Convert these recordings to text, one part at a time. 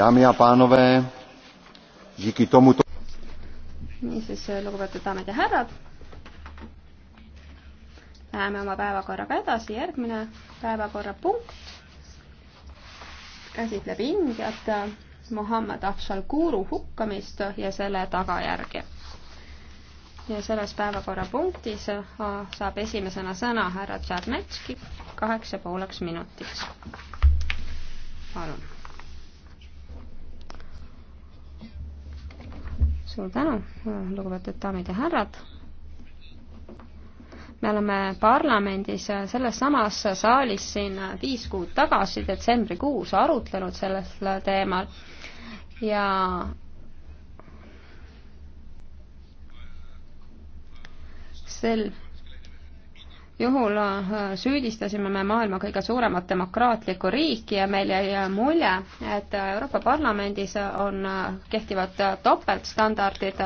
Dámy a pánové, díky tomuto... niisiis, lugupeetud daamid ja härrad, läheme oma päevakorraga edasi, järgmine päevakorrapunkt käsitleb Indiat, Mohammed Afshal Guru hukkamist ja selle tagajärgi ja selles päevakorrapunktis äh, saab esimesena sõna härra Tšernetski kaheksa pooleks minutiks. palun suur tänu, lugupeetud daamid ja härrad. me oleme parlamendis selles samas saalis siin viis kuud tagasi, detsembrikuus, arutlenud sellel teemal ja sel juhul äh, süüdistasime me maailma kõige suuremat demokraatlikku riiki ja meil jäi äh, mulje, et äh, Euroopa Parlamendis on, kehtivad topeltstandardid.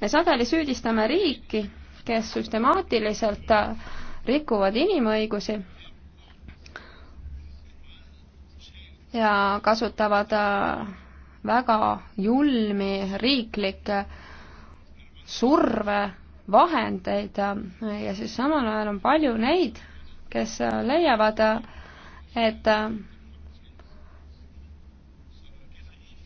me sageli süüdistame riiki, kes süstemaatiliselt rikuvad inimõigusi ja kasutavad väga julmi riiklikke surve vahendeid ja siis samal ajal on palju neid, kes leiavad, et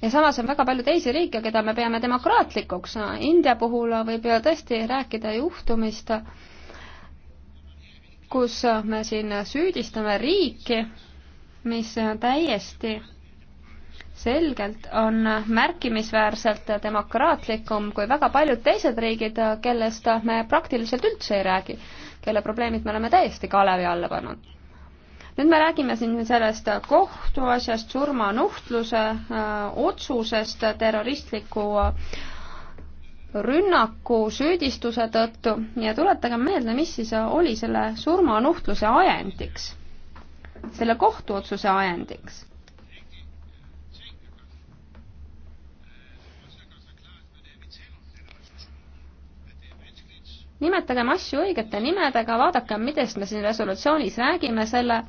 ja samas on väga palju teisi riike, keda me peame demokraatlikuks. India puhul võib ju tõesti rääkida juhtumist, kus me siin süüdistame riiki, mis täiesti selgelt on märkimisväärselt demokraatlikum kui väga paljud teised riigid, kellest me praktiliselt üldse ei räägi, kelle probleemid me oleme täiesti kalevi alla pannud. nüüd me räägime siin sellest kohtuasjast, surmanuhtluse äh, otsusest terroristliku äh, rünnaku süüdistuse tõttu ja tuletage meelde, mis siis oli selle surmanuhtluse ajendiks, selle kohtuotsuse ajendiks nimetagem asju õigete nimedega, vaadakem, millest me siin resolutsioonis räägime, selle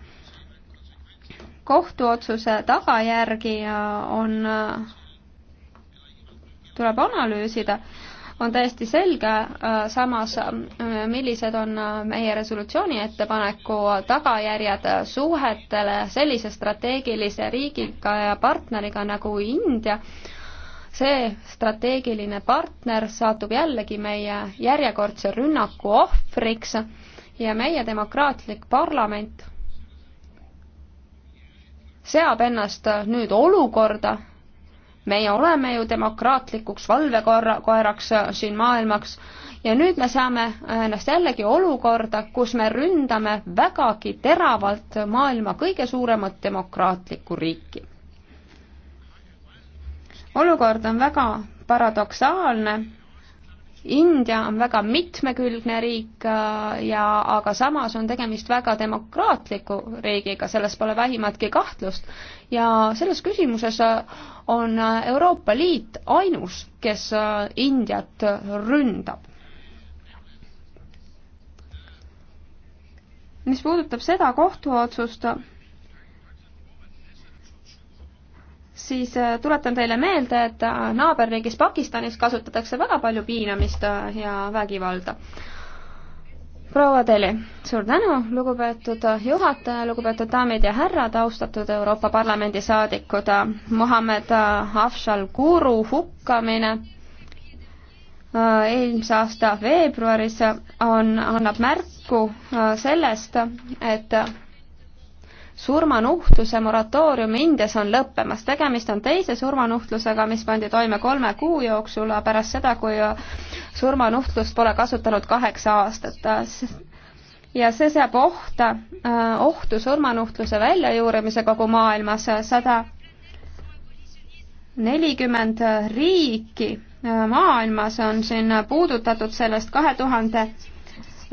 kohtuotsuse tagajärgi äh, on, äh, tuleb analüüsida on täiesti selge, äh, samas millised on meie resolutsiooni ettepaneku tagajärjed suhetele sellise strateegilise riigiga ja partneriga nagu India see strateegiline partner satub jällegi meie järjekordse rünnaku ohvriks ja meie demokraatlik parlament seab ennast nüüd olukorda, meie oleme ju demokraatlikuks valvekoeraks siin maailmas ja nüüd me saame ennast jällegi olukorda, kus me ründame vägagi teravalt maailma kõige suuremat demokraatlikku riiki olukord on väga paradoksaalne. India on väga mitmekülgne riik äh, ja aga samas on tegemist väga demokraatliku riigiga, selles pole vähimatki kahtlust. ja selles küsimuses äh, on äh, Euroopa Liit ainus, kes Indiat ründab. mis puudutab seda kohtuotsust, siis äh, tuletan teile meelde, et äh, naaberriigis Pakistanis kasutatakse väga palju piinamist äh, ja vägivalda. proua Teli, suur tänu, lugupeetud juhataja, lugupeetud daamid ja härrad, austatud Euroopa Parlamendi saadikud, Mohammed Afshal Guru hukkamine eelmise aasta veebruaris on, annab märku sellest, et surmanuhtluse moratoorium Indias on lõppemas. tegemist on teise surmanuhtlusega, mis pandi toime kolme kuu jooksul pärast seda, kui surmanuhtlust pole kasutanud kaheksa aastat ja see seab ohta, äh, ohtu surmanuhtluse väljajuurimise kogu maailmas, sada nelikümmend riiki äh, maailmas on siin puudutatud sellest kahe tuhande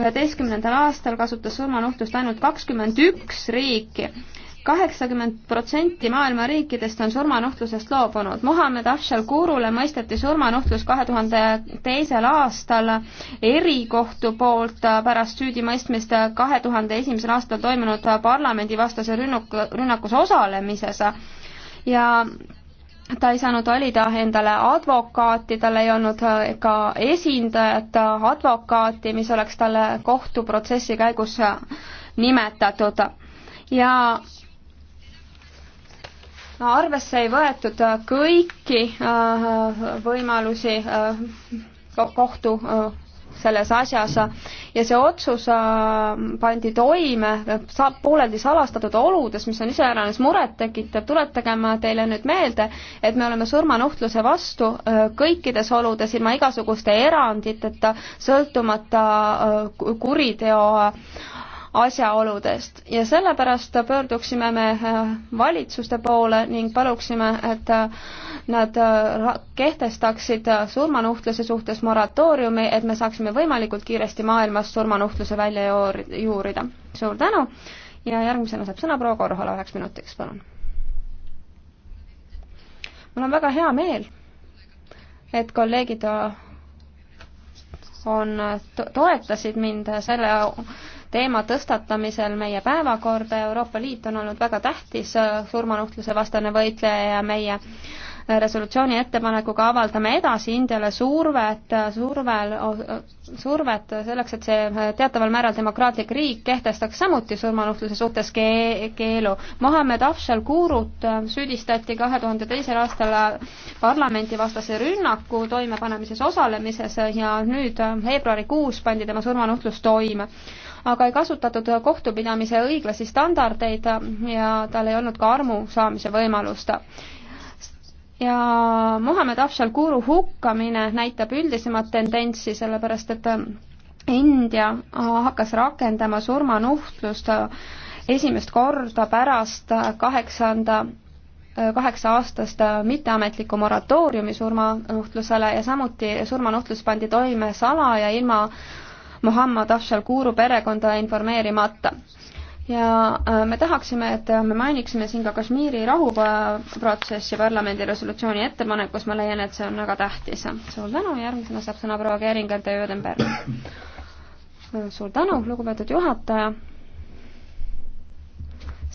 üheteistkümnendal aastal kasutas surmanuhtlust ainult kakskümmend üks riiki. kaheksakümmend protsenti maailma riikidest on surmanuhtlusest loobunud. Mohammed Afshal Gurule mõisteti surmanuhtlus kahe tuhande teisel aastal erikohtu poolt pärast süüdimõistmist kahe tuhande esimesel aastal toimunud parlamendivastase rünnaku, rünnakus osalemises ja ta ei saanud valida endale advokaati, tal ei olnud äh, ka esindajat äh, advokaati, mis oleks talle kohtuprotsessi käigus äh, nimetatud ja arvesse ei võetud kõiki võimalusi kohtu selles asjas ja see otsus äh, pandi toime, saab pooleldi salastatud oludes, mis on iseäranis murettekitav, tuletagem teile nüüd meelde, et me oleme surmanuhtluse vastu äh, kõikides oludes, ilma igasuguste eranditeta, sõltumata äh, kuriteo asjaoludest ja sellepärast pöörduksime me äh, valitsuste poole ning paluksime, et äh, nad äh, kehtestaksid surmanuhtluse suhtes moratooriumi, et me saaksime võimalikult kiiresti maailmas surmanuhtluse välja juurida. suur tänu ja järgmisena saab sõna proua Korhola üheks minutiks, palun. mul on väga hea meel, et kolleegid on, toetasid mind selle teema tõstatamisel meie päevakorda. Euroopa Liit on olnud väga tähtis äh, surmanuhtluse vastane võitleja ja meie äh, resolutsiooni ettepanekuga avaldame edasi Indiale survet, äh, survel, survet selleks, et see teataval määral demokraatlik riik kehtestaks samuti surmanuhtluse suhtes keelu. Mohammed Afshal Gurut süüdistati kahe tuhande teisel aastal parlamendivastase rünnaku toimepanemises osalemises ja nüüd veebruarikuus pandi tema surmanuhtlus toime aga ei kasutatud kohtupidamise õiglasi standardeid ja tal ei olnud ka armu saamise võimalust ja Mohammed Afshal Guru hukkamine näitab üldisemat tendentsi, sellepärast et India hakkas rakendama surmanuhtlust esimest korda pärast kaheksanda kaheksa aastast mitteametlikku moratooriumi surmanuhtlusele ja samuti surmanuhtlus pandi toime salaja ilma Muhammad Afshal Guru perekonda informeerimata. ja äh, me tahaksime, et äh, me mainiksime siin ka Kashmiri rahuprotsessi parlamendi resolutsiooni ettepanekus, ma leian, et see on väga tähtis. suur tänu, järgmisena saab sõna proua Keringelt ja Jõdenberg. Äh, suur tänu, lugupeetud juhataja.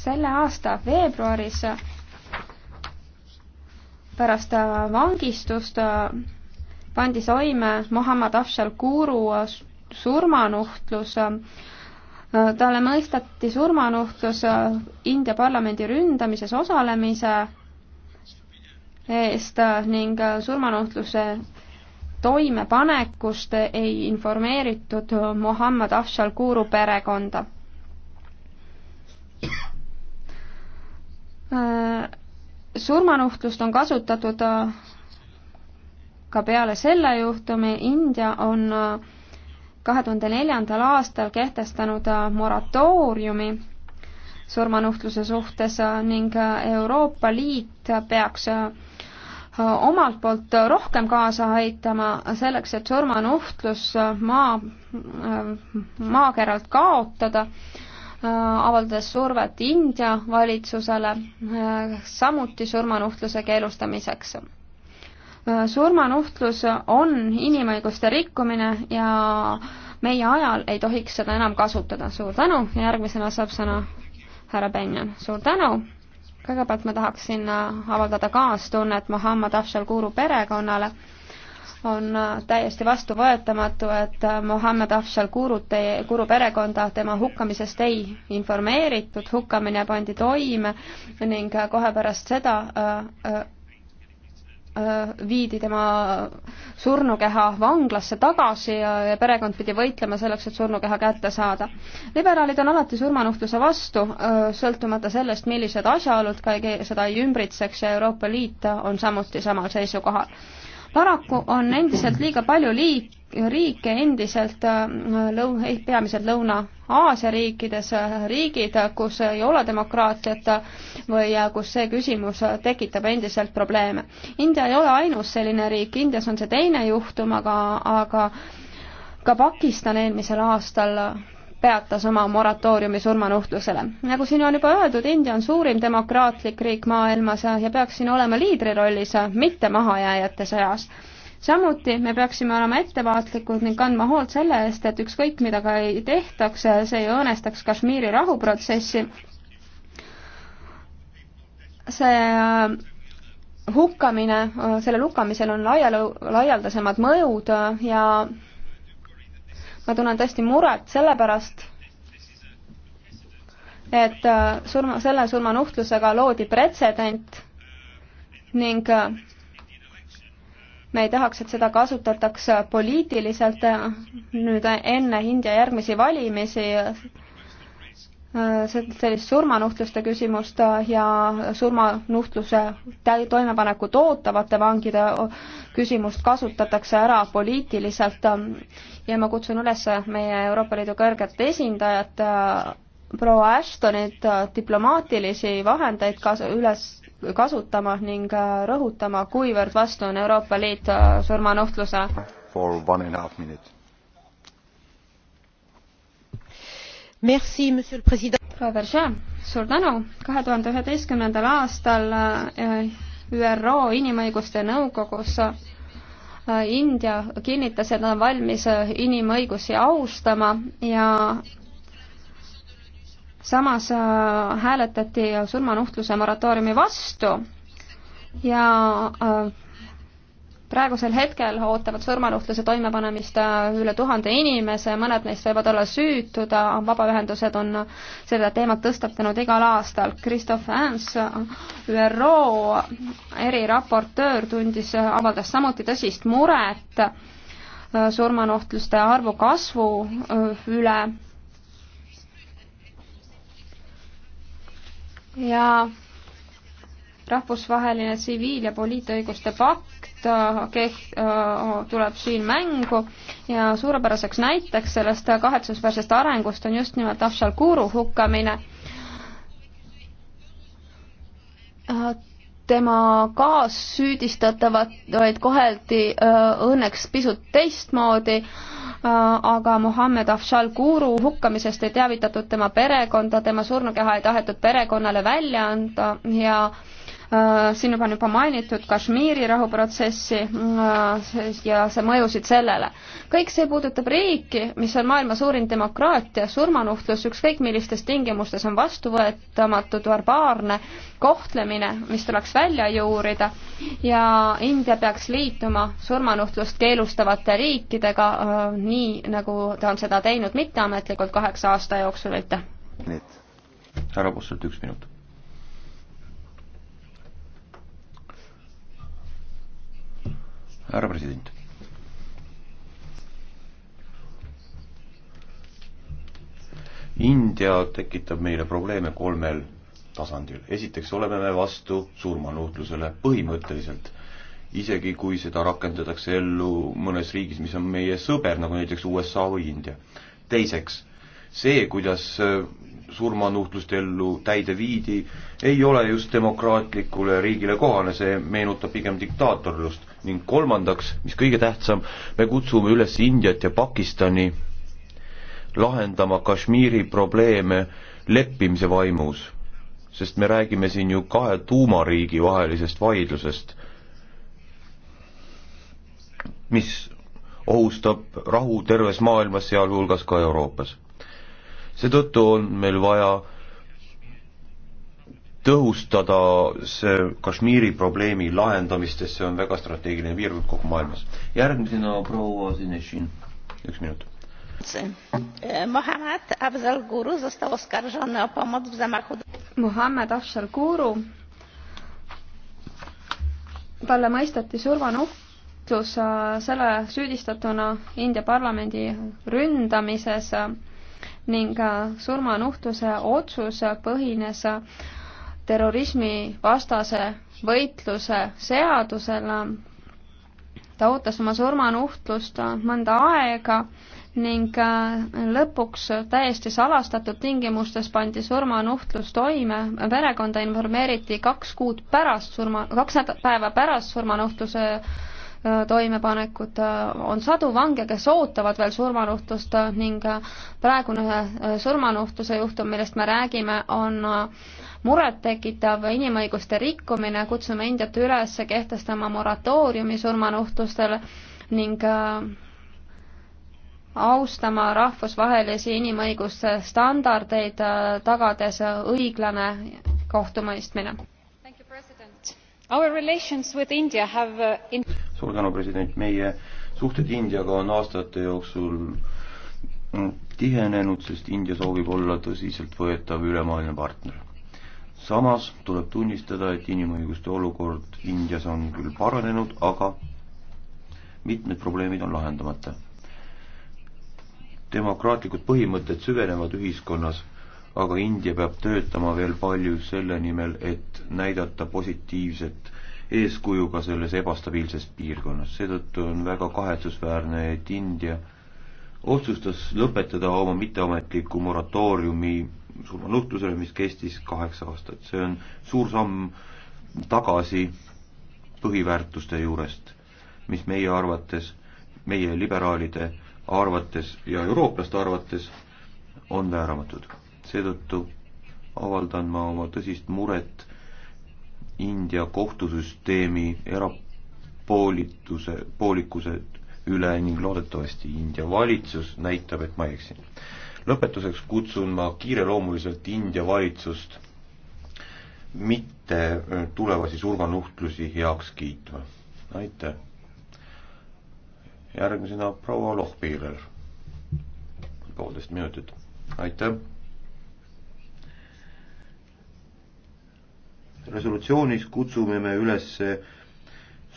selle aasta veebruaris pärast vangistust pandi soime Muhammad Afshal Guru surmanuhtlus, talle mõisteti surmanuhtlus India parlamendi ründamises osalemise eest ning surmanuhtluse toimepanekust ei informeeritud Mohammed Afshal Guru perekonda. surmanuhtlust on kasutatud ka peale selle juhtumi, India on kahe tuhande neljandal aastal kehtestanud äh, moratooriumi surmanuhtluse suhtes äh, ning äh, Euroopa Liit peaks omalt poolt rohkem kaasa aitama selleks, et surmanuhtlus maa, maakeralt kaotada, avaldades survet India valitsusele, samuti surmanuhtluse keelustamiseks surmanuhtlus on inimõiguste rikkumine ja meie ajal ei tohiks seda enam kasutada. suur tänu ja järgmisena saab sõna härra Benjan. suur tänu! kõigepealt ma tahaksin äh, avaldada kaastunnet Muhamed Afshal Guru perekonnale. on äh, täiesti vastuvõetamatu, et äh, Muhamed Afshal Gurut, Guru perekonda tema hukkamisest ei informeeritud, hukkamine pandi toime ning kohe pärast seda Äh, viidi tema surnukeha vanglasse tagasi ja, ja perekond pidi võitlema selleks, et surnukeha kätte saada. liberaalid on alati surmanuhtluse vastu, äh, sõltumata sellest, millised asjaolud ka ei, seda ei ümbritseks ja Euroopa Liit on samuti samal seisukohal. paraku on endiselt liiga palju liik-, riike endiselt äh, lõu-, eh, peamiselt Lõuna-Aasia riikides, äh, riigid, kus ei ole demokraatiat või äh, kus see küsimus tekitab endiselt probleeme. India ei ole ainus selline riik, Indias on see teine juhtum, aga, aga ka Pakistan eelmisel aastal peatas oma moratooriumi surmanuhtlusele. nagu siin on juba öeldud, India on suurim demokraatlik riik maailmas ja peaks siin olema liidri rollis, mitte mahajääjate seas samuti me peaksime olema ettevaatlikud ning kandma hoolt selle eest, et ükskõik mida ka ei tehtaks, see ei õõnestaks Kashmiri rahuprotsessi. see äh, hukkamine, äh, sellel hukkamisel on laial, laialdasemad mõjud äh, ja ma tunnen tõesti muret selle pärast, et surma, selle surmanuhtlusega loodi pretsedent ning me ei tahaks, et seda kasutataks poliitiliselt nüüd enne India järgmisi valimisi, sellist surmanuhtluste küsimust ja surmanuhtluse toimepanekut ootavate vangide küsimust kasutatakse ära poliitiliselt ja ma kutsun üles meie Euroopa Liidu kõrget esindajat proua Ashtonit diplomaatilisi vahendeid kas-, üles kasutama ning äh, rõhutama, kuivõrd vastu on Euroopa Liit äh, surmanuhtluse. Merci, monsieur le president. suur tänu. kahe tuhande üheteistkümnendal aastal äh, ÜRO Inimõiguste Nõukogus India kinnitas, et nad on valmis inimõigusi austama ja samas äh, hääletati surmanuhtluse moratooriumi vastu ja äh, praegusel hetkel ootavad surmanuhtluse toimepanemist äh, üle tuhande inimese, mõned neist võivad olla süütud, vabaühendused on seda teemat tõstatanud igal aastal. Christoph Hans, ÜRO eriraportöör, tundis, avaldas samuti tõsist muret surmanuhtluste arvu kasvu üle ja rahvusvaheline tsiviil- ja poliitõiguste pakt äh, keht-, äh, tuleb siin mängu ja suurepäraseks näiteks sellest kahetsusväärsest arengust on just nimelt Afshal Guru hukkamine. Äh, tema kaassüüdistatavaid koheldi õnneks pisut teistmoodi Äh, aga Mohammed Afshal Guru hukkamisest ei teavitatud tema perekonda, tema surnukeha ei tahetud perekonnale välja anda ja Äh, siin juba on juba mainitud Kashmiri rahuprotsessi äh, ja see mõjusid sellele. kõik see puudutab riiki, mis on maailma suurim demokraatia, surmanuhtlus ükskõik millistes tingimustes on vastuvõetamatu, barbaarne kohtlemine, mis tuleks välja juurida ja India peaks liituma surmanuhtlust keelustavate riikidega äh, nii, nagu ta on seda teinud mitteametlikult kaheksa aasta jooksul, aitäh! härra Posselt üks minut härra president. India tekitab meile probleeme kolmel tasandil. esiteks oleme me vastu surmanuhtlusele põhimõtteliselt, isegi kui seda rakendatakse ellu mõnes riigis, mis on meie sõber, nagu näiteks USA või India. teiseks see, kuidas äh, surmanuhtlust ellu täide viidi, ei ole just demokraatlikule riigile kohane, see meenutab pigem diktaatorlust. ning kolmandaks, mis kõige tähtsam, me kutsume üles Indiat ja Pakistani lahendama Kashmiri probleeme leppimise vaimus, sest me räägime siin ju kahe tuumariigi vahelisest vaidlusest, mis ohustab rahu terves maailmas, sealhulgas ka Euroopas seetõttu on meil vaja tõhustada see Kashmiri probleemi lahendamist, sest see on väga strateegiline piirkond kogu maailmas. järgmisena proua Sineshin, üks minut. E, Mohammed Afzal Guru został oskarżony o pomoc w zamachu. Mohammed Afzal Guru, talle mõisteti surmanuhtlus äh, selle süüdistatuna India parlamendi ründamises ning äh, surmanuhtluse otsus põhines terrorismivastase võitluse seadusele. ta ootas oma surmanuhtlust mõnda aega ning äh, lõpuks täiesti salastatud tingimustes pandi surmanuhtlus toime, perekonda informeeriti kaks kuud pärast surma, kaks päeva pärast surmanuhtluse toimepanekut, äh, on sadu vange, kes ootavad veel surmanuhtlust äh, ning äh, praegune surmanuhtluse juhtum, millest me räägime, on murettekitav inimõiguste rikkumine, kutsume Indiat üles kehtestama moratooriumi surmanuhtlustele ning austama rahvusvahelisi inimõiguste standardeid, tagades õiglane kohtumõistmine. Our relations with India have uh, in suur tänu, president, meie suhted Indiaga on aastate jooksul tihenenud, sest India soovib olla tõsiseltvõetav ülemaailmne partner. samas tuleb tunnistada, et inimõiguste olukord Indias on küll paranenud, aga mitmed probleemid on lahendamata. demokraatlikud põhimõtted süvenevad ühiskonnas, aga India peab töötama veel palju selle nimel, et näidata positiivset eeskujuga selles ebastabiilses piirkonnas, seetõttu on väga kahetsusväärne, et India otsustas lõpetada oma mitteametliku moratooriumi surmanuhtlusele, mis kestis kaheksa aastat, see on suur samm tagasi põhiväärtuste juurest, mis meie arvates, meie liberaalide arvates ja eurooplaste arvates on vääramatud. seetõttu avaldan ma oma tõsist muret India kohtusüsteemi erapoolituse, poolikused üle ning loodetavasti India valitsus näitab, et ma ei eksi. lõpetuseks kutsun ma kiireloomuliselt India valitsust mitte äh, tulevasi surmanuhtlusi heaks kiitma. aitäh. järgmisena proua Lohpiiler, poolteist minutit. aitäh. resolutsioonis kutsume me üles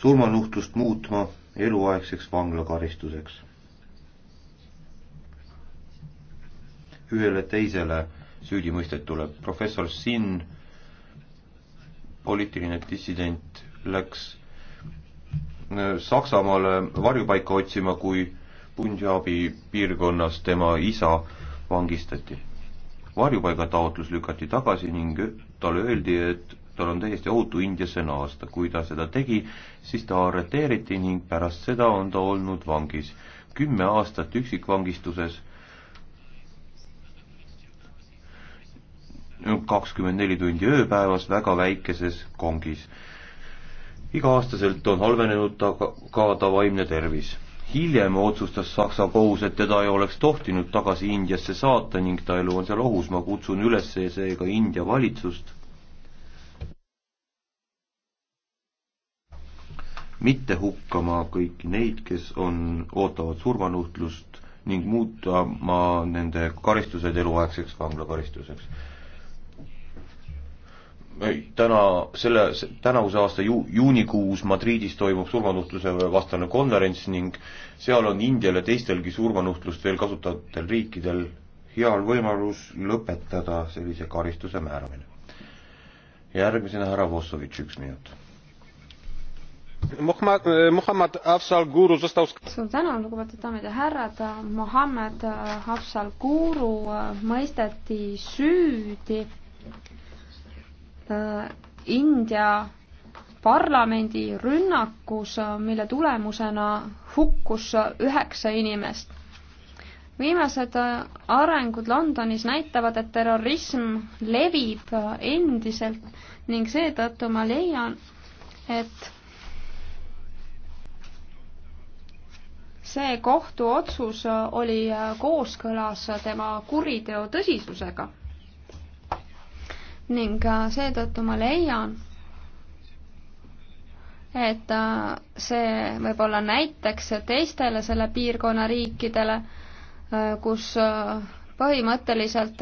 surmanuhtlust muutma eluaegseks vanglakaristuseks. ühele teisele süüdimõistetule, professor Sin, poliitiline dissident, läks äh, Saksamaale varjupaika otsima, kui Punjabi piirkonnas tema isa vangistati. varjupaigataotlus lükati tagasi ning talle öeldi, et tal on täiesti ohutu Indiasse naasta. kui ta seda tegi, siis ta arreteeriti ning pärast seda on ta olnud vangis. kümme aastat üksikvangistuses, kakskümmend neli tundi ööpäevas väga väikeses kongis. iga-aastaselt on halvenenud ta ka, ka ta vaimne tervis hiljem otsustas Saksa kohus, et teda ei oleks tohtinud tagasi Indiasse saata ning ta elu on seal ohus, ma kutsun üles seega India valitsust mitte hukkama kõiki neid, kes on, ootavad surmanuhtlust ning muutma nende karistused eluaegseks vanglakaristuseks. täna, selle, tänavuse aasta ju-, juunikuus Madridis toimub surmanuhtluse vastane konverents ning seal on Indial ja teistelgi surmanuhtlust veel kasutavatel riikidel heal võimalus lõpetada sellise karistuse määramine. järgmisena härra Vossovitš, üks minut Mohammed eh, Afsal Guru został... suur tänu, lugupeetud daamid ja härrad, Mohammed eh, Afsal Guru eh, mõisteti süüdi India parlamendi rünnakus, mille tulemusena hukkus üheksa inimest. viimased arengud Londonis näitavad, et terrorism levib endiselt ning seetõttu ma leian, et see kohtuotsus äh, oli äh, kooskõlas tema kuriteo tõsisusega. ning äh, seetõttu ma leian, et see võib olla näiteks teistele selle piirkonna riikidele, kus põhimõtteliselt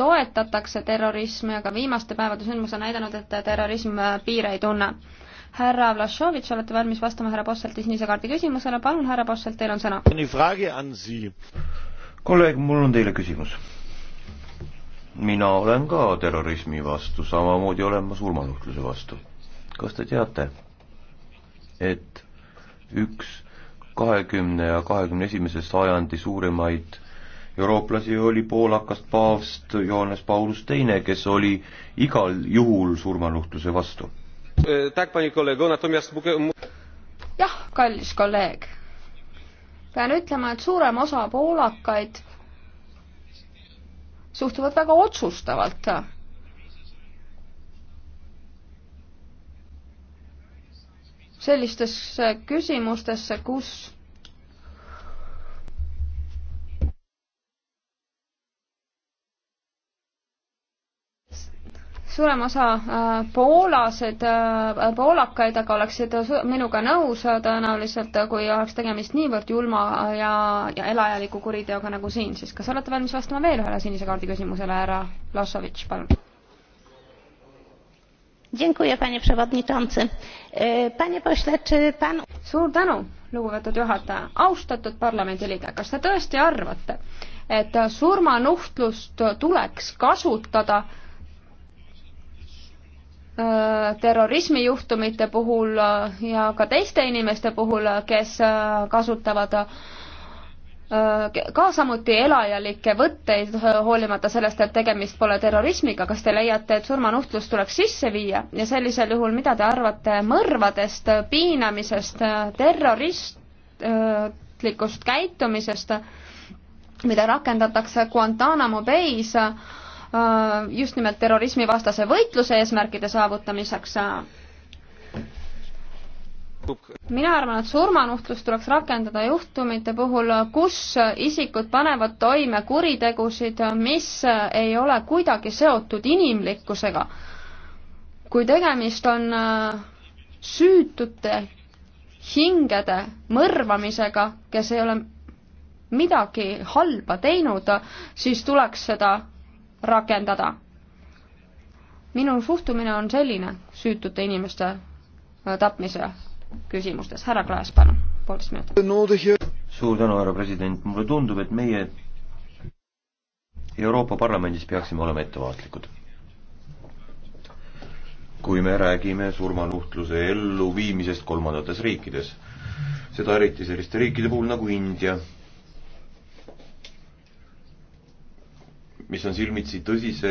toetatakse terrorismi, aga viimaste päevade sündmus on näidanud, et terrorism piire ei tunne härra Vlašovitš, olete valmis vastama härra Posselt esimese kaardi küsimusele, palun härra Posselt, teil on sõna. kolleeg, mul on teile küsimus. mina olen ka terrorismi vastu, samamoodi olen ma surmanuhtluse vastu. kas te teate, et üks kahekümne ja kahekümne esimese sajandi suurimaid eurooplasi oli poolakast paavst Johannes Paulus Teine, kes oli igal juhul surmanuhtluse vastu. Äh, jah, kallis kolleeg. pean ütlema, et suurem osa poolakaid suhtuvad väga otsustavalt sellistesse äh, küsimustesse, kus suurem osa äh, poolased, äh, poolakaid aga oleksid minuga nõus äh, tõenäoliselt, kui oleks tegemist niivõrd julma ja, ja elajaliku kuriteoga nagu siin, siis kas olete valmis vastama veel ühele sinise kaardi küsimusele, härra Vlašovitš, palun? E, suur tänu, lugupeetud juhataja, austatud parlamendiliige, kas te tõesti arvate, et surmanuhtlust tuleks kasutada Äh, terrorismijuhtumite puhul äh, ja ka teiste inimeste puhul, äh, kes kasutavad ka samuti elajalikke võtteid, hoolimata sellest, et tegemist pole terrorismiga, kas te leiate, et surmanuhtlus tuleks sisse viia ja sellisel juhul, mida te arvate mõrvadest, piinamisest, terroristlikust käitumisest, mida rakendatakse Guantanamo Bay's äh, Äh, just nimelt terrorismivastase võitluse eesmärkide saavutamiseks. Äh. mina arvan, et surmanuhtlust tuleks rakendada juhtumite puhul, kus isikud panevad toime kuritegusid, mis ei ole kuidagi seotud inimlikkusega. kui tegemist on äh, süütute hingede mõrvamisega, kes ei ole midagi halba teinud, siis tuleks seda rakendada. minu suhtumine on selline süütute inimeste äh, tapmise küsimustes. härra Klaas, palun, poolteist minutit. suur tänu, härra president, mulle tundub, et meie Euroopa Parlamendis peaksime olema ettevaatlikud. kui me räägime surmanuhtluse elluviimisest kolmandates riikides, seda eriti selliste riikide puhul nagu India mis on silmitsi tõsise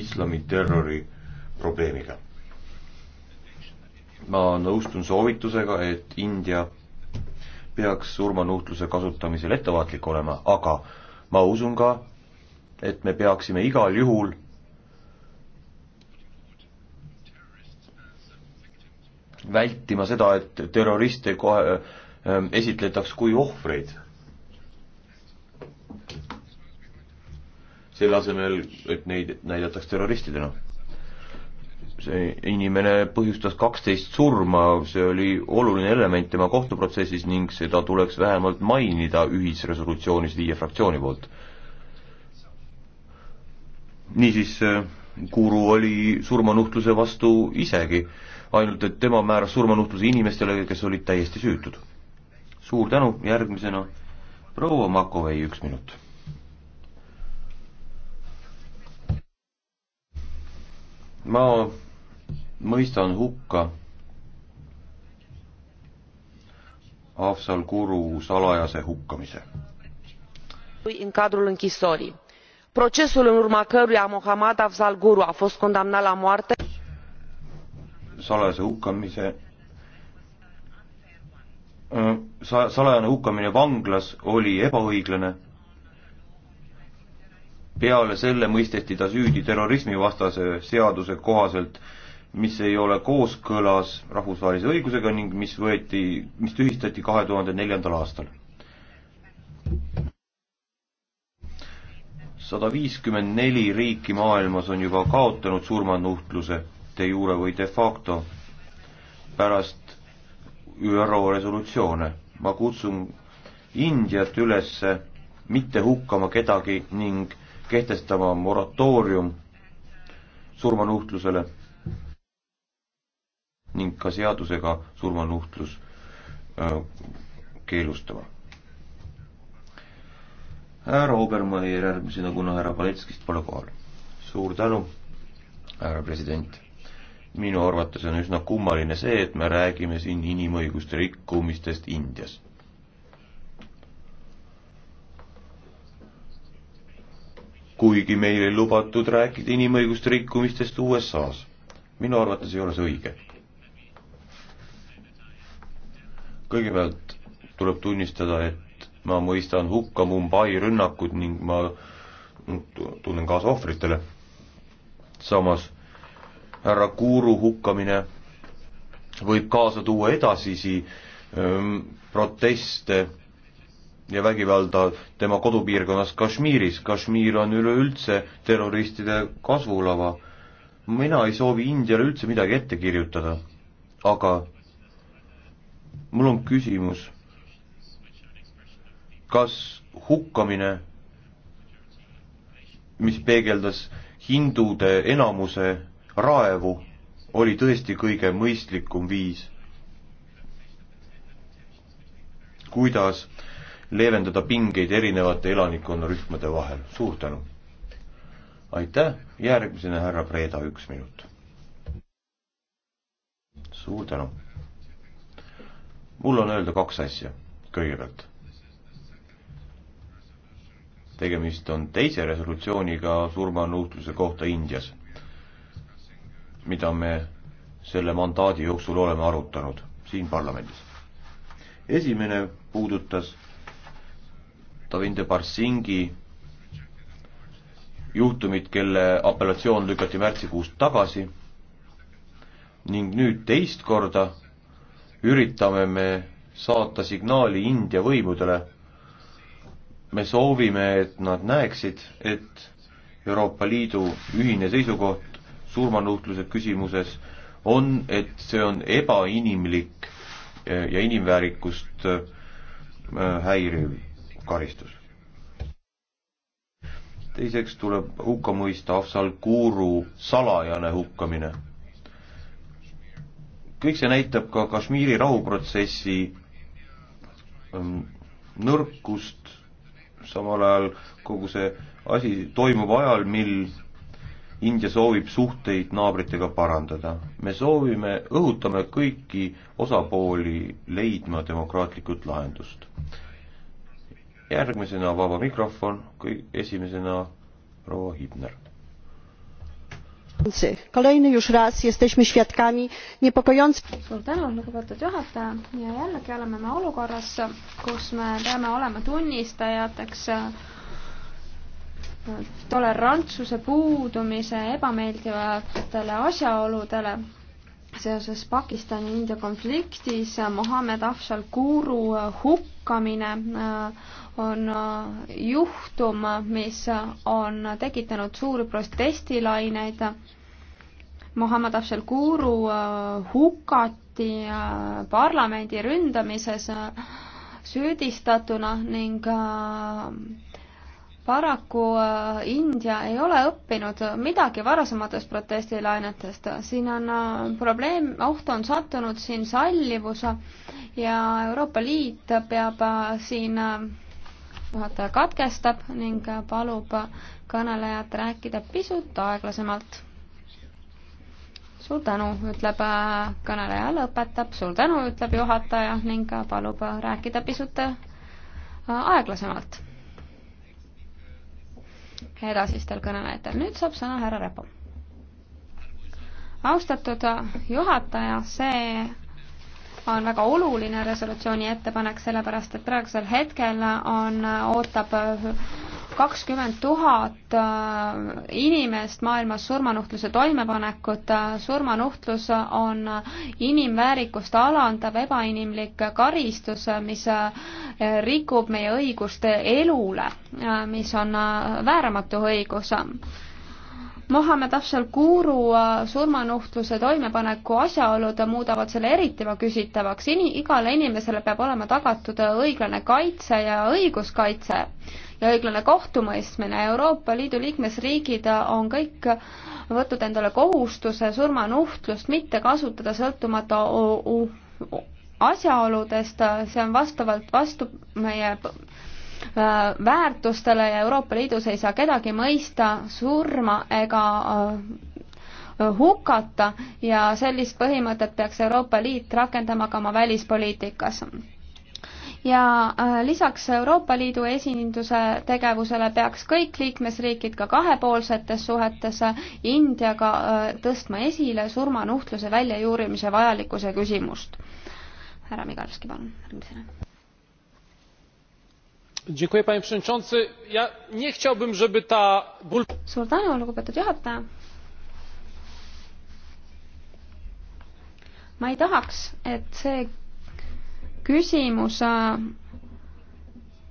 islamiterrori probleemiga. ma nõustun soovitusega, et India peaks surmanuhtluse kasutamisel ettevaatlik olema, aga ma usun ka, et me peaksime igal juhul vältima seda, et terroriste kohe äh, esitletaks kui ohvreid selle asemel, et neid näidataks terroristidena. see inimene põhjustas kaksteist surma, see oli oluline element tema kohtuprotsessis ning seda tuleks vähemalt mainida ühisresolutsioonis viie fraktsiooni poolt. niisiis, äh, guru oli surmanuhtluse vastu isegi, ainult et tema määras surmanuhtluse inimestele, kes olid täiesti süütud. suur tänu, järgmisena proua Makovei, üks minut ma mõistan hukka Afsal Guru salajase hukkamise. în cadrul închisorii. Procesul în urma căruia Mohammad Afzal Guru a fost condamnat la moarte. Salajase hukkamise äh, Sa salajane hukkamine vanglas oli ebaõiglane peale selle mõisteti ta süüdi terrorismivastase seaduse kohaselt, mis ei ole kooskõlas rahvusvahelise õigusega ning mis võeti, mis tühistati kahe tuhande neljandal aastal. sada viiskümmend neli riiki maailmas on juba kaotanud surmanuhtluse de jure või de facto pärast ÜRO resolutsioone. ma kutsun Indiat üles mitte hukkama kedagi ning kehtestama moratoorium surmanuhtlusele ning ka seadusega surmanuhtlus äh, keelustama. härra Obermeier järgmisena, kuna härra Paletskist pole kohal. suur tänu, härra president. minu arvates on üsna kummaline see, et me räägime siin inimõiguste rikkumistest Indias kuigi meil ei lubatud rääkida inimõiguste rikkumistest USA-s. minu arvates ei ole see õige. kõigepealt tuleb tunnistada, et ma mõistan hukka Mumbai rünnakud ning ma tunnen kaasa ohvritele. samas härra Guru hukkamine võib kaasa tuua edasisi öö, ähm, proteste ja vägivalda tema kodupiirkonnas Kashmiris. Kashmir on üleüldse terroristide kasvulava. mina ei soovi Indiale üldse midagi ette kirjutada, aga mul on küsimus, kas hukkamine, mis peegeldas hindude enamuse raevu, oli tõesti kõige mõistlikum viis, kuidas leevendada pingeid erinevate elanikkonnarühmade vahel. suur tänu! aitäh, järgmisena härra Preeda, üks minut. suur tänu! mul on öelda kaks asja kõigepealt. tegemist on teise resolutsiooniga surmanuhtluse kohta Indias, mida me selle mandaadi jooksul oleme arutanud siin parlamendis. esimene puudutas Davinde Barsingi juhtumit, kelle apellatsioon lükati märtsikuust tagasi ning nüüd teist korda üritame me saata signaali India võimudele. me soovime, et nad näeksid, et Euroopa Liidu ühine seisukoht surmanuhtluse küsimuses on, et see on ebainimlik ja inimväärikust äh, häiriv karistus. teiseks tuleb hukka mõista Afsal Guru salajane hukkamine. kõik see näitab ka Kashmiri rahuprotsessi ähm, nõrkust, samal ajal kogu see asi toimub ajal, mil India soovib suhteid naabritega parandada. me soovime, õhutame kõiki osapooli leidma demokraatlikult lahendust järgmisena vaba mikrofon, kui esimesena proua Hibner. Kolejny już raz jesteśmy świadkami niepokojących. Suur tänu, lugupeetud juhataja. Ja jällegi oleme me olukorras, kus me peame olema tunnistajateks äh, tolerantsuse puudumise ebameeldivatele asjaoludele seoses Pakistani-India konfliktis äh, Mohammed Afshal Guru äh, hukkamine äh, on juhtum, mis on tekitanud suuri protestilaineid. Mohammed Afshal Guru hukati parlamendi ründamises süüdistatuna ning paraku äh, India ei ole õppinud midagi varasematest protestilainetest, siin on äh, probleem, oht on sattunud siin sallivuse ja Euroopa Liit peab äh, siin juhataja katkestab ning palub kõnelejat rääkida pisut aeglasemalt. suur tänu, ütleb kõneleja, lõpetab, suur tänu, ütleb juhataja ning palub rääkida pisut aeglasemalt edasistel kõnelejatel. nüüd saab sõna härra Repo. austatud juhataja, see on väga oluline resolutsiooni ettepanek, sellepärast et praegusel hetkel on, ootab kakskümmend tuhat äh, inimest maailmas surmanuhtluse toimepanekut. surmanuhtlus on inimväärikust alandav ebainimlik karistus, mis äh, rikub meie õigust elule, äh, mis on vääramatu õigus Mohammed Afsal Guru äh, surmanuhtluse toimepaneku asjaolud muudavad selle eriti küsitavaks. Ini-, igale inimesele peab olema tagatud äh, õiglane kaitse ja õiguskaitse ja õiglane kohtumõistmine. Euroopa Liidu liikmesriigid äh, on kõik võtnud endale kohustuse surmanuhtlust mitte kasutada sõltumata asjaoludest, see on vastavalt vastu meie Äh, väärtustele ja Euroopa Liidus ei saa kedagi mõista surma ega äh, hukata ja sellist põhimõtet peaks Euroopa Liit rakendama ka oma välispoliitikas ja äh, lisaks Euroopa Liidu esinduse tegevusele peaks kõik liikmesriigid ka kahepoolsetes suhetes Indiaga tõstma esile surmanuhtluse väljajuurimise vajalikkuse küsimust. härra Migalski, palun järgmisena panie przewodniczący! ja nie chciałbym żeby ta. suur tänu lugupeetud juhataja! ma ei tahaks et see küsimus äh,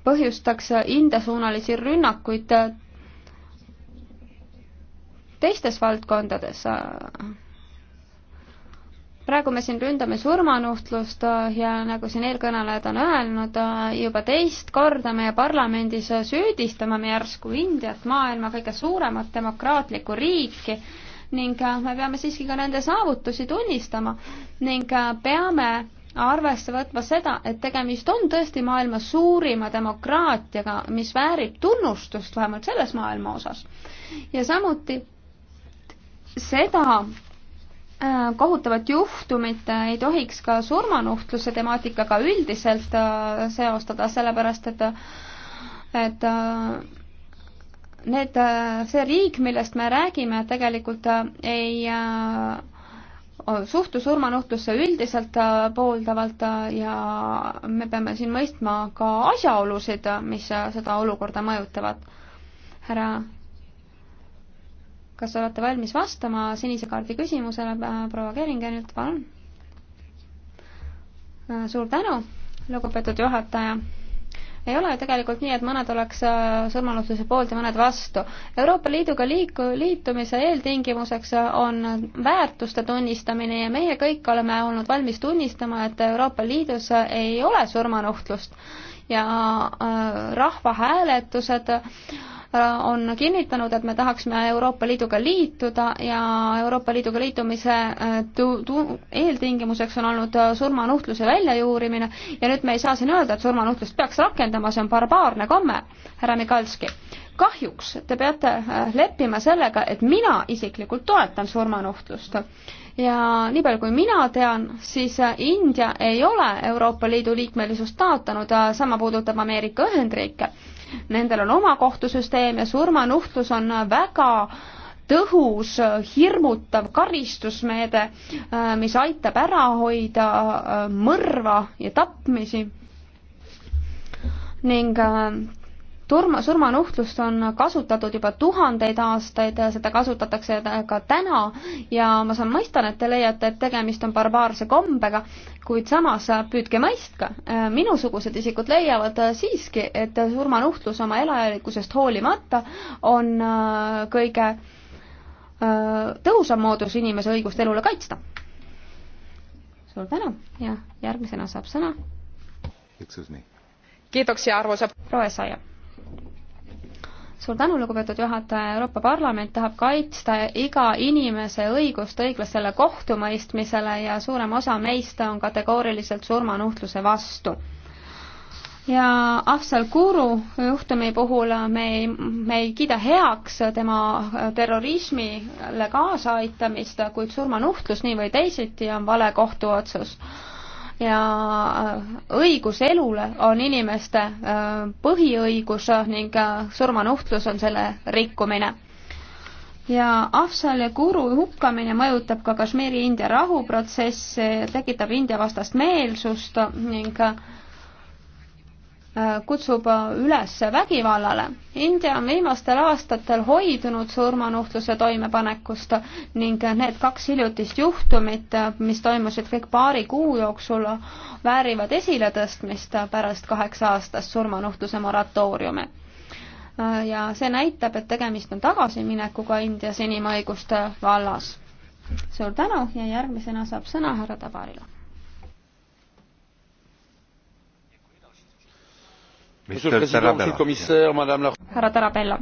põhjustaks äh, indiasuunalisi rünnakuid äh, teistes valdkondades praegu me siin ründame surmanuhtlust äh, ja nagu siin eelkõnelejad on öelnud, äh, juba teist korda meie parlamendis äh, süüdistame me järsku Indiat, maailma kõige suuremat demokraatlikku riiki ning me peame siiski ka nende saavutusi tunnistama ning peame arvesse võtma seda, et tegemist on tõesti maailma suurima demokraatiaga, mis väärib tunnustust vähemalt selles maailma osas. ja samuti seda, Äh, kohutavat juhtumit äh, ei tohiks ka surmanuhtluse temaatikaga üldiselt äh, seostada, sellepärast et, et need, see riik, millest me räägime, tegelikult ei suhtu surmanuhtlusse üldiselt pooldavalt ja me peame siin mõistma ka asjaolusid, mis seda olukorda mõjutavad. härra kas olete valmis vastama sinise kaardi küsimusele äh, proua Keringenilt, palun? Äh, suur tänu, lugupeetud juhataja. ei ole ju tegelikult nii, et mõned oleks äh, surmanuhtluse poolt ja mõned vastu. Euroopa Liiduga liiku-, liitumise eeltingimuseks on väärtuste tunnistamine ja meie kõik oleme olnud valmis tunnistama, et Euroopa Liidus ei ole surmanuhtlust ja rahvahääletused äh, Äh, on kinnitanud, et me tahaksime Euroopa Liiduga liituda ja Euroopa Liiduga liitumise äh, tu-, tu-, eeltingimuseks on olnud äh, surmanuhtluse väljajuurimine ja nüüd me ei saa siin öelda, et surmanuhtlust peaks rakendama, see on barbaarne komme, härra Mikalski. kahjuks te peate leppima sellega, et mina isiklikult toetan surmanuhtlust ja nii palju, kui mina tean, siis India ei ole Euroopa Liidu liikmelisust taotlenud, sama puudutab Ameerika Ühendriike Nendel on oma kohtusüsteem ja surmanuhtlus on väga tõhus, hirmutav karistusmeede, äh, mis aitab ära hoida äh, mõrva ja tapmisi ning äh, turma, surmanuhtlust on kasutatud juba tuhandeid aastaid, seda kasutatakse ka täna ja ma saan mõista, et te leiate, et tegemist on barbaarse kombega, kuid samas püüdke mõistka, minusugused isikud leiavad siiski, et surmanuhtlus oma elajalikkusest hoolimata on äh, kõige äh, tõhusam moodus inimese õigust elule kaitsta. suur tänu ja järgmisena saab sõna. kiitoksia arvoisa proua Esaja suur tänu, lugupeetud juhataja, Euroopa Parlament tahab kaitsta iga inimese õigust õiglasele kohtumõistmisele ja suurem osa meist on kategooriliselt surmanuhtluse vastu ja Afsal Guru juhtumi puhul me ei, me ei kiida heaks tema terrorismile kaasaaitamist, kuid surmanuhtlus nii või teisiti on vale kohtuotsus ja äh, õigus elule on inimeste äh, põhiõigus ning äh, surmanuhtlus on selle rikkumine ja Afsal ja Guru hukkamine mõjutab ka Kashmiri India rahuprotsessi, tekitab India vastast meelsust ning kutsub üles vägivallale. India on viimastel aastatel hoidunud surmanuhtluse toimepanekust ning need kaks hiljutist juhtumit, mis toimusid kõik paari kuu jooksul, väärivad esiletõstmist pärast kaheksa aastast surmanuhtluse moratooriumi. ja see näitab, et tegemist on tagasiminekuga Indias inimõiguste vallas. suur tänu ja järgmisena saab sõna härra Tabarile. härra Tarabella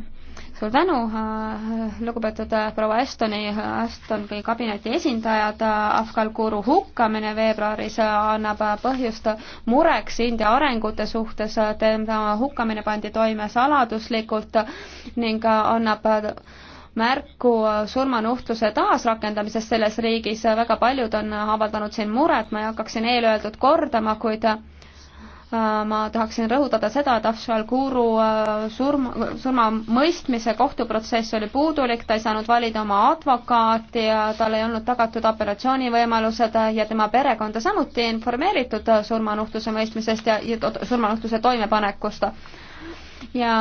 suur tänu, äh, lugupeetud äh, proua Estoni, äh, Eston kui kabineti esindajad, Afgal Guru hukkamine veebruaris annab põhjust mureks India arengute suhtes, tema hukkamine pandi toime saladuslikult ning annab märku surmanuhtluse taasrakendamisest selles riigis, väga paljud on avaldanud siin muret, ma ei hakkaks siin eelöeldut kordama, kuid ta Äh, ma tahaksin rõhutada seda, et Afshal Guru äh, surma, surma mõistmise kohtuprotsess oli puudulik, ta ei saanud valida oma advokaati ja tal ei olnud tagatud operatsioonivõimalused ja tema perekonda samuti ei informeeritud surmanuhtluse mõistmisest ja, ja surmanuhtluse toimepanekust. ja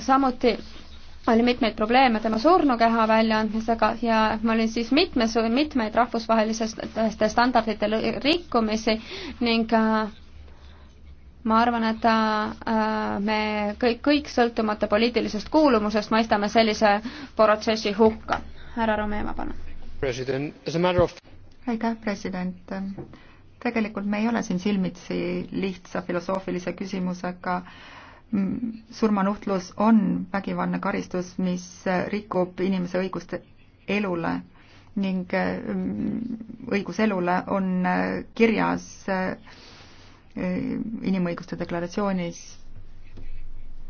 samuti oli mitmeid probleeme tema surnukeha väljaandmisega ja ma olin siis mitmes, mitmeid rahvusvaheliste standardite rikkumisi ning äh, ma arvan, et äh, me kõik, kõik sõltumata poliitilisest kuulumusest mõistame sellise protsessi hukka. härra Romeva, palun. aitäh, president. tegelikult me ei ole siin silmitsi lihtsa filosoofilise küsimusega. surmanuhtlus on vägivaldne karistus, mis rikub inimese õigust elule ning õigus elule on kirjas Äh, inimõiguste deklaratsioonis,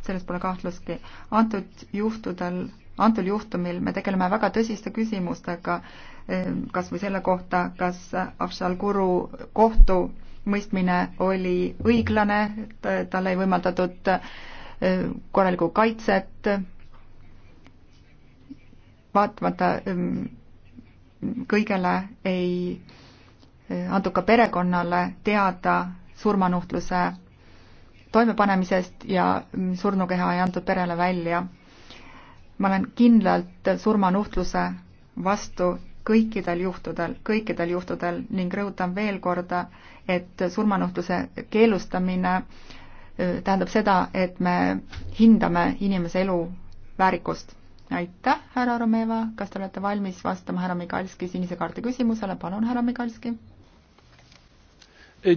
selles pole kahtlustki. antud juhtudel, antud juhtumil me tegeleme väga tõsiste küsimustega, äh, kas või selle kohta, kas Afshal Guru kohtu mõistmine oli õiglane, talle ei võimaldatud äh, korralikku kaitset, vaatamata kõigele ei antud ka perekonnale teada surmanuhtluse toimepanemisest ja surnukeha ei antud perele välja. ma olen kindlalt surmanuhtluse vastu kõikidel juhtudel, kõikidel juhtudel ning rõhutan veel korda, et surmanuhtluse keelustamine äh, tähendab seda, et me hindame inimese elu väärikust. aitäh, härra Romeva, kas te olete valmis vastama härra Mikalski sinise kaardi küsimusele, palun, härra Mikalski E,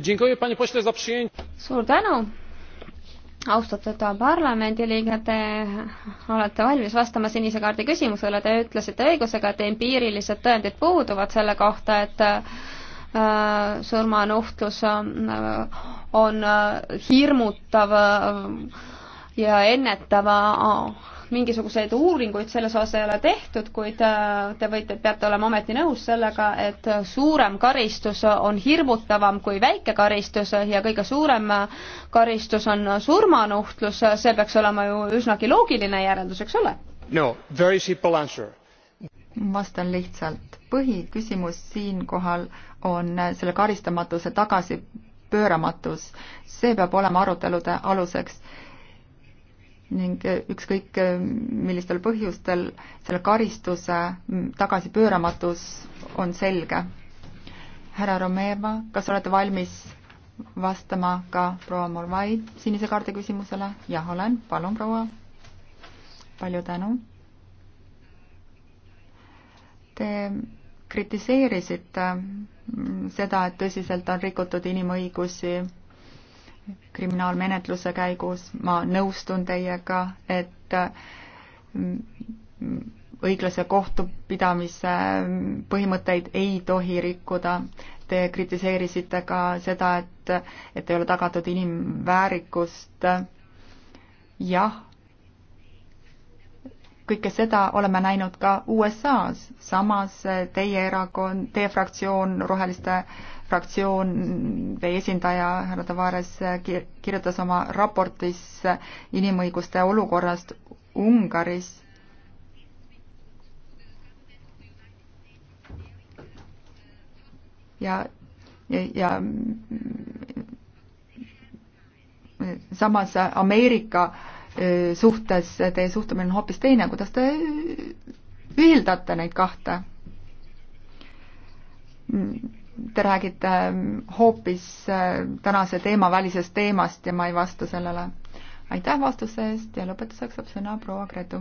suur tänu, austatud parlamendiliige, te olete valmis vastama sinise kaardi küsimusele, te ütlesite õigusega, et empiirilised tõendid puuduvad selle kohta, et äh, surmanuhtlus äh, on äh, hirmutav ja ennetav mingisuguseid uuringuid selles osas ei ole tehtud, kuid äh, te võite, peate olema ometi nõus sellega, et suurem karistus on hirmutavam kui väike karistus ja kõige suurem äh, karistus on surmanuhtlus, see peaks olema ju üsnagi loogiline järeldus, eks ole? no very simple answer. vastan lihtsalt, põhiküsimus siinkohal on selle karistamatuse tagasipööramatus, see peab olema arutelude aluseks ning eh, ükskõik eh, millistel põhjustel selle karistuse mm, tagasipööramatus on selge. härra Romeva, kas olete valmis vastama ka proua Morvai sinise kaardi küsimusele? jah, olen, palun, proua. palju tänu. Te kritiseerisite mm, seda, et tõsiselt on rikutud inimõigusi kriminaalmenetluse käigus, ma nõustun teiega, et mm, õiglase kohtupidamise mm, põhimõtteid ei tohi rikkuda. Te kritiseerisite ka seda, et, et ei ole tagatud inimväärikust. jah, kõike seda oleme näinud ka USA-s, samas teie erakond, teie fraktsioon, Roheliste äh, fraktsioon, teie esindaja härra Tavares kirjutas oma raportis inimõiguste olukorrast Ungaris ja, ja, ja samas Ameerika suhtes teie suhtumine on hoopis teine, kuidas te ühildate neid kahte? Mm te räägite ähm, hoopis äh, tänase teema välisest teemast ja ma ei vasta sellele. aitäh vastuse eest ja lõpetuseks saab sõna proua Gretu.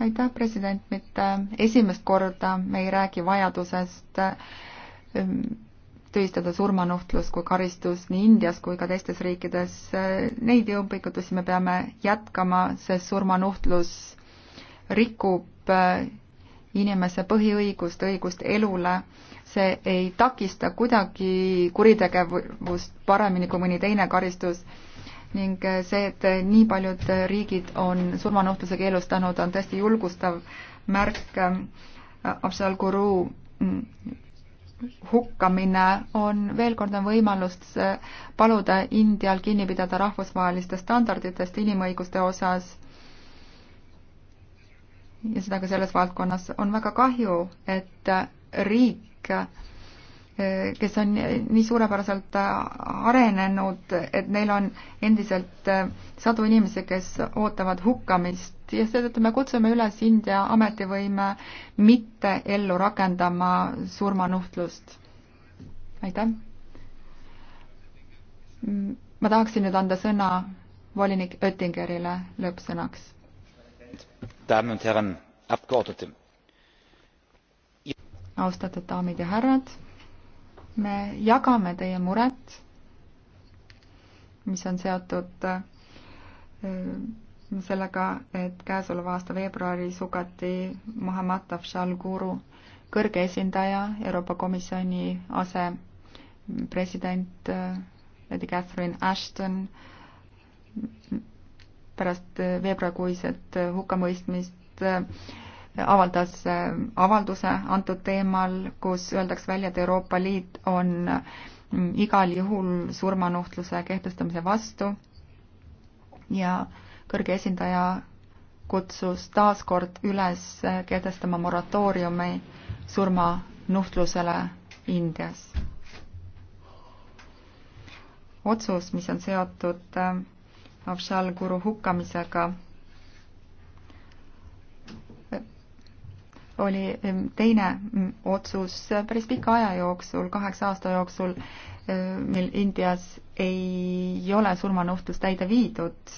aitäh, president, mitte äh, esimest korda me ei räägi vajadusest äh, ähm, tühistada surmanuhtlus kui karistus nii Indias kui ka teistes riikides. Neid jõupingutusi me peame jätkama, sest surmanuhtlus rikub inimese põhiõigust, õigust elule. see ei takista kuidagi kuritegevust paremini kui mõni teine karistus ning see, et nii paljud riigid on surmanuhtluse keelustanud, on tõesti julgustav märk. Absal Guru hukkamine on, veel kord on võimalus paluda Indial kinni pidada rahvusvahelistest standarditest inimõiguste osas ja seda ka selles valdkonnas, on väga kahju, et riik, eh, kes on nii suurepäraselt äh, arenenud, et neil on endiselt äh, sadu inimesi, kes ootavad hukkamist ja seetõttu me kutsume üles India ametivõime mitte ellu rakendama surmanuhtlust. aitäh! ma tahaksin nüüd anda sõna volinik Oettingerile lõppsõnaks präsident damen und herren abgeordnete! austatud daamid ja härrad me jagame teie muret mis on seotud äh, sellega et käesoleva aasta veebruaris hukati Muhammad Afshal Guru kõrge esindaja Euroopa Komisjoni asepresident äh, Lady Catherine Ashton pärast veebruarikuiset hukkamõistmist äh, avaldas äh, avalduse antud teemal, kus öeldakse välja, et Euroopa Liit on mm, igal juhul surmanuhtluse kehtestamise vastu ja kõrge esindaja kutsus taas kord üles äh, kehtestama moratooriumi surmanuhtlusele Indias. otsus, mis on seotud Avšal Guru hukkamisega oli teine otsus päris pika aja jooksul, kaheksa aasta jooksul, mil Indias ei ole surmanuhtlust täide viidud.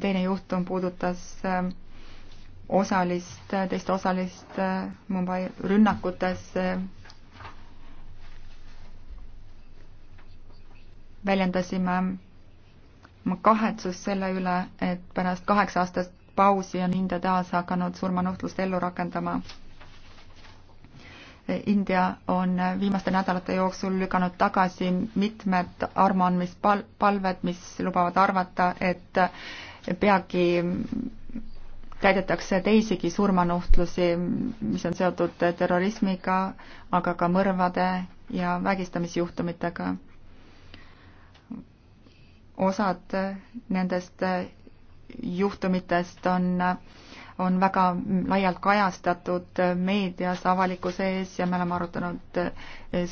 teine juhtum puudutas osalist, teist osalist Mumbai rünnakutes väljendasime oma kahetsust selle üle, et pärast kaheksa aastast pausi on India taas hakanud surmanuhtlust ellu rakendama. India on viimaste nädalate jooksul lükanud tagasi mitmed armuandmispalved, mis lubavad arvata, et peagi täidetakse teisigi surmanuhtlusi, mis on seotud terrorismiga, aga ka mõrvade ja vägistamisjuhtumitega osad nendest juhtumitest on, on väga laialt kajastatud meedias, avalikkuse ees ja me oleme arutanud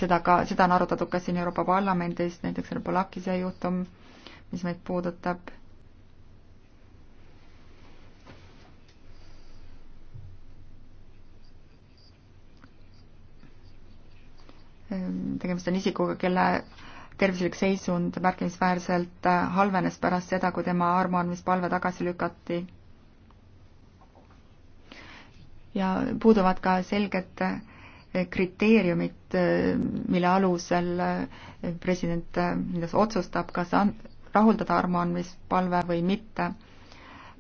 seda ka, seda on arutatud ka siin Euroopa Parlamendis, näiteks Polakise juhtum, mis meid puudutab. tegemist on isikuga, kelle tervislik seisund märkimisväärselt äh, halvenes pärast seda, kui tema armuandmispalve tagasi lükati. ja puuduvad ka selged äh, kriteeriumid, äh, mille alusel president kuidas otsustab, kas rahuldada armuandmispalve või mitte.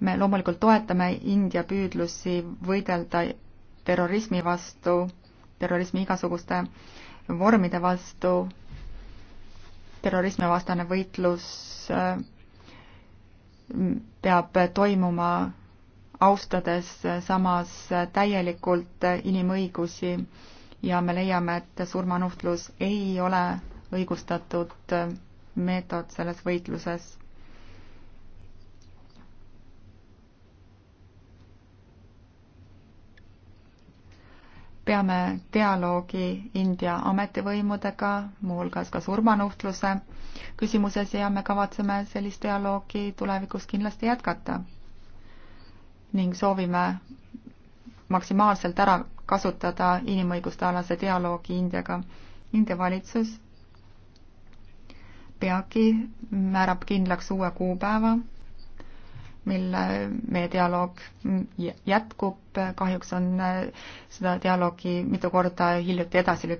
me loomulikult toetame India püüdlusi võidelda terrorismi vastu, terrorismi igasuguste vormide vastu terrorismivastane võitlus äh, peab toimuma austades samas täielikult inimõigusi ja me leiame, et surmanuhtlus ei ole õigustatud meetod selles võitluses peame dialoogi India ametivõimudega, muuhulgas ka surmanuhtluse küsimuses ja me kavatseme sellist dialoogi tulevikus kindlasti jätkata. ning soovime maksimaalselt ära kasutada inimõiguste alase dialoogi Indiaga. India valitsus peagi määrab kindlaks uue kuupäeva mil meie dialoog jätkub, kahjuks on äh, seda dialoogi mitu korda hiljuti edasi lükatud.